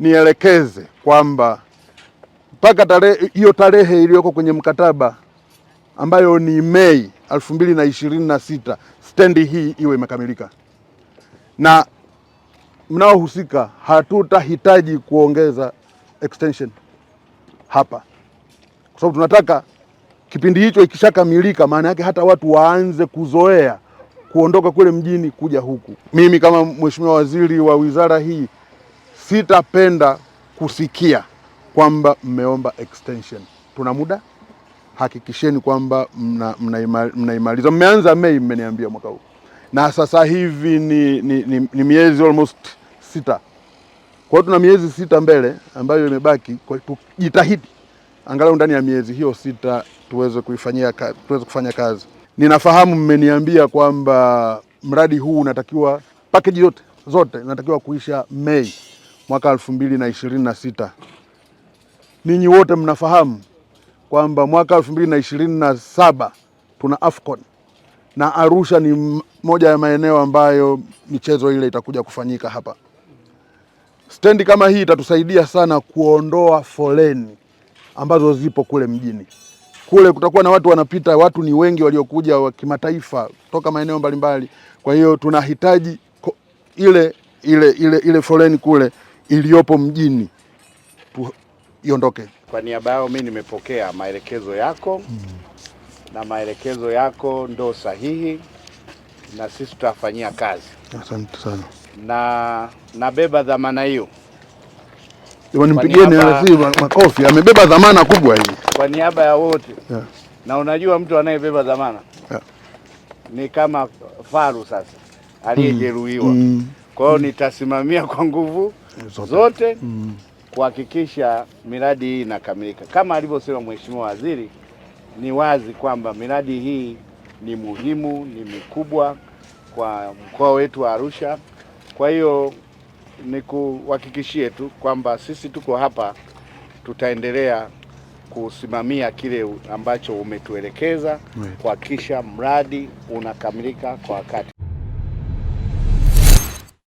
nielekeze kwamba mpaka tarehe hiyo tarehe iliyoko kwenye mkataba ambayo ni Mei elfu mbili na ishirini na sita stendi hii iwe imekamilika, na mnaohusika hatutahitaji kuongeza extension hapa, kwa sababu tunataka kipindi hicho ikishakamilika, maana yake hata watu waanze kuzoea kuondoka kule mjini kuja huku. Mimi kama mheshimiwa waziri wa wizara hii sitapenda kusikia kwamba mmeomba extension. Tuna muda, hakikisheni kwamba mnaimaliza mna, mna mmeanza Mei, mmeniambia mwaka huu, na sasa hivi ni, ni, ni, ni miezi almost sita. Kwa hiyo tuna miezi sita mbele ambayo imebaki, tujitahidi angalau ndani ya miezi hiyo sita tuweze kuifanyia tuweze kufanya kazi. Ninafahamu mmeniambia kwamba mradi huu unatakiwa package yote zote inatakiwa kuisha Mei mwaka elfu mbili na ishirini na sita. Ninyi wote mnafahamu kwamba mwaka elfu mbili na ishirini na saba tuna AFCON na Arusha ni moja ya maeneo ambayo michezo ile itakuja kufanyika hapa. Stendi kama hii itatusaidia sana kuondoa foleni ambazo zipo kule mjini. Kule kutakuwa na watu wanapita, watu ni wengi waliokuja wa kimataifa kutoka maeneo mbalimbali. Kwa hiyo tunahitaji ile ile ile ile foleni kule iliyopo mjini iondoke. Kwa niaba yao mimi nimepokea maelekezo yako mm. na maelekezo yako ndo sahihi na sisi tutafanyia kazi. Asante sana. Na nabeba dhamana hiyo. Nimpigieni makofi, amebeba dhamana kubwa hii kwa niaba ya wote yeah. Na unajua mtu anayebeba dhamana yeah. ni kama faru sasa aliyejeruhiwa mm. mm. Kwa hiyo mm. nitasimamia kwa nguvu zote, zote mm. kuhakikisha miradi hii inakamilika. Kama alivyosema Mheshimiwa Waziri, ni wazi kwamba miradi hii ni muhimu, ni mikubwa kwa mkoa wetu wa Arusha. Kwa hiyo nikuhakikishie tu kwamba sisi tuko hapa, tutaendelea kusimamia kile ambacho umetuelekeza kuhakikisha mradi unakamilika kwa wakati.